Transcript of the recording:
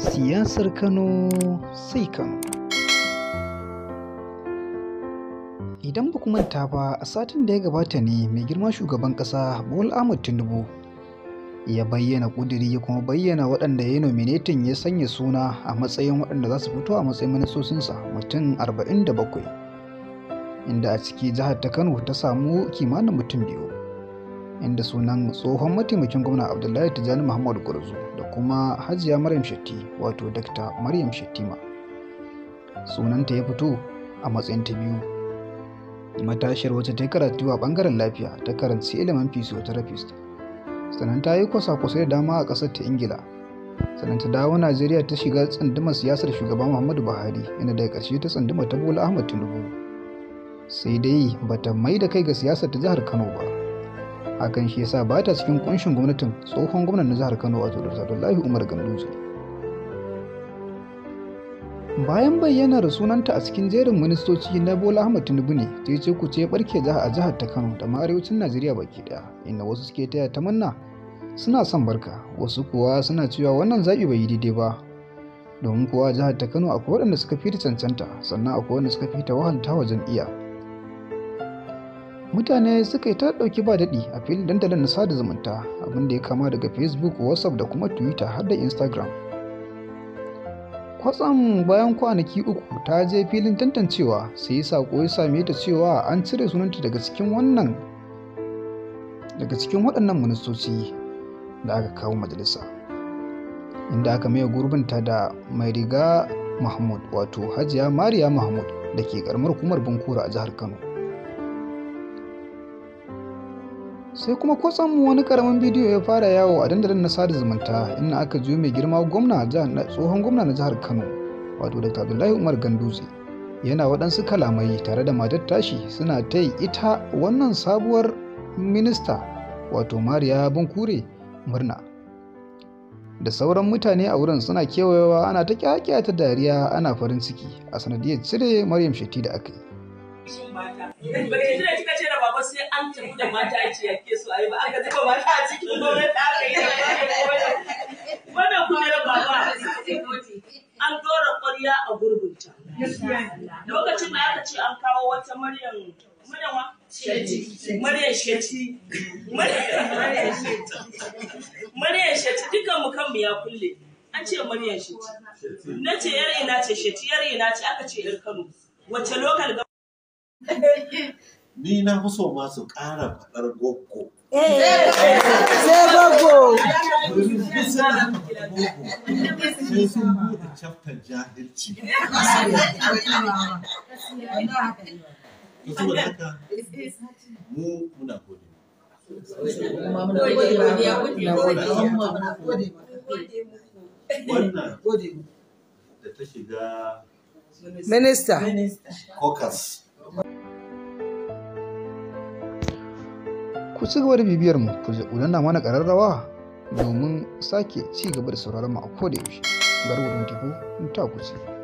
siyasar Kano sai Kano. Idan ba manta ba a satin da ya gabata ne mai girma shugaban ƙasa Bola Ahmed Tinubu ya bayyana ƙudiri ya kuma bayyana waɗanda ya nominatin ya sanya suna a matsayin waɗanda za su fito a matsayin ministocinsa mutum 47 inda a ciki jihar ta Kano ta samu kimanin mutum biyu. inda sunan tsohon mataimakin gwamna abdullahi tijjani muhammadu gurzu da kuma hajiya maryam shetti wato dakta maryam shettima sunanta ya fito a matsayin ta biyu matashiyar wacce ta yi karatu a bangaren lafiya ta karanci ilimin physiotherapist sannan ta yi kwasa kwasai da dama a ƙasar ta ingila sannan ta dawo najeriya ta shiga tsanduma siyasar shugaban muhammadu buhari inda daga ƙarshe ta tsanduma ta bola ahmad tinubu sai dai bata mai da kai ga siyasar ta jihar kano ba hakan shi yasa ba ta cikin kunshin gwamnatin tsohon gwamnan na jihar kano wato dr abdullahi umar ganduje bayan bayyanar sunanta a cikin jerin ministoci na bola Ahmed tinubu ne ta ce ku ce barke jiha a jihar ta kano da arewacin najeriya baki daya inda wasu suke taya ta manna suna son barka wasu kuwa suna cewa wannan zaɓi bai yi daidai ba domin kuwa jihar ta kano akwai waɗanda suka fi cancanta sannan akwai waɗanda suka fi ta wahalta wa jam'iyya mutane suka yi ta ɗauki ba daɗi a filin dandalin na sada zumunta abinda ya kama daga facebook whatsapp da kuma twitter har da instagram kwatsam bayan kwanaki uku ta je filin tantancewa sai saƙo ya same ta cewa an cire sunanta daga cikin wannan daga cikin waɗannan ministoci da aka kawo majalisa inda aka maye gurbinta da mai riga mahmud wato hajiya mariya mahmud da ke karamar hukumar bunkura a jihar kano sai kuma kwatsan wani karamin bidiyo ya fara yawo a dandalin na sada zumunta inda aka juyo mai girma gwamna tsohon gwamna na jihar kano wato da abdullahi umar Ganduzi, yana waɗansu kalamai tare da matar suna ta ita wannan sabuwar minista wato mariya Bunkure murna da sauran mutane a wurin suna kewayewa ana ta kyakkya ta dariya ana farin ciki a sanadiyar cire maryam shetti da aka yi sai an tafi da mata a ce yake ba aka zuba mata a yi wannan kuma an dora ƙwarya a gurbinta lokacin da aka ce an kawo wata maryam Maryam Maryam Sheti. Maryam Sheti. dukan mu kanmu ya kulle. An ce Maryam Sheti. Na ce yar ina ce Sheti yar ina ce aka ce yar Kano. Wace lokal ni na fi so ma ƙara faɗar goggo. Eh. Eh. Sai goggo. Sai sun buɗe jahilci. da mu muna gode. Wannan da ta shiga Minista. Caucus. ku ci gaba da bibiyar mu ku danna mana kararrawa domin sake ci gaba da sauraron mu a koda yaushe garwadon tibu ta ku ci